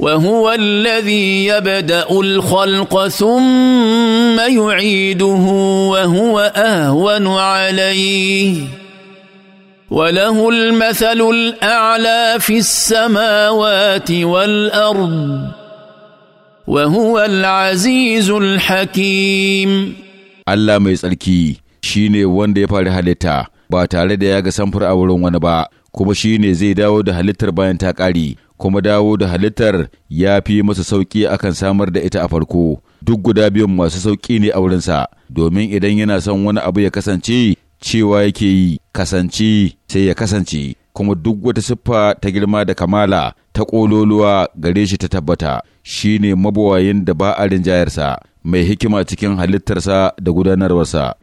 وهو الذي يبدا الخلق ثم يعيده وهو اهون عليه وله المثل الاعلى في السماوات والارض وهو العزيز الحكيم الله mai tsarki shine wanda ya fara halitta ba tare da ya ga samfur a wurin wani ba kuma shine zai dawo da halittar bayan ta ƙare kuma dawo da halittar ya fi masa sauki akan samar da ita a farko duk guda biyun masu sauki ne a wurinsa domin idan yana son wani abu ya kasance cewa yake yi kasance sai ya kasance kuma duk wata siffa ta girma da kamala ta ƙololuwa gare shi ta tabbata shi ne mabawayin da ba a rinjayarsa mai hikima cikin halittarsa da gudanarwarsa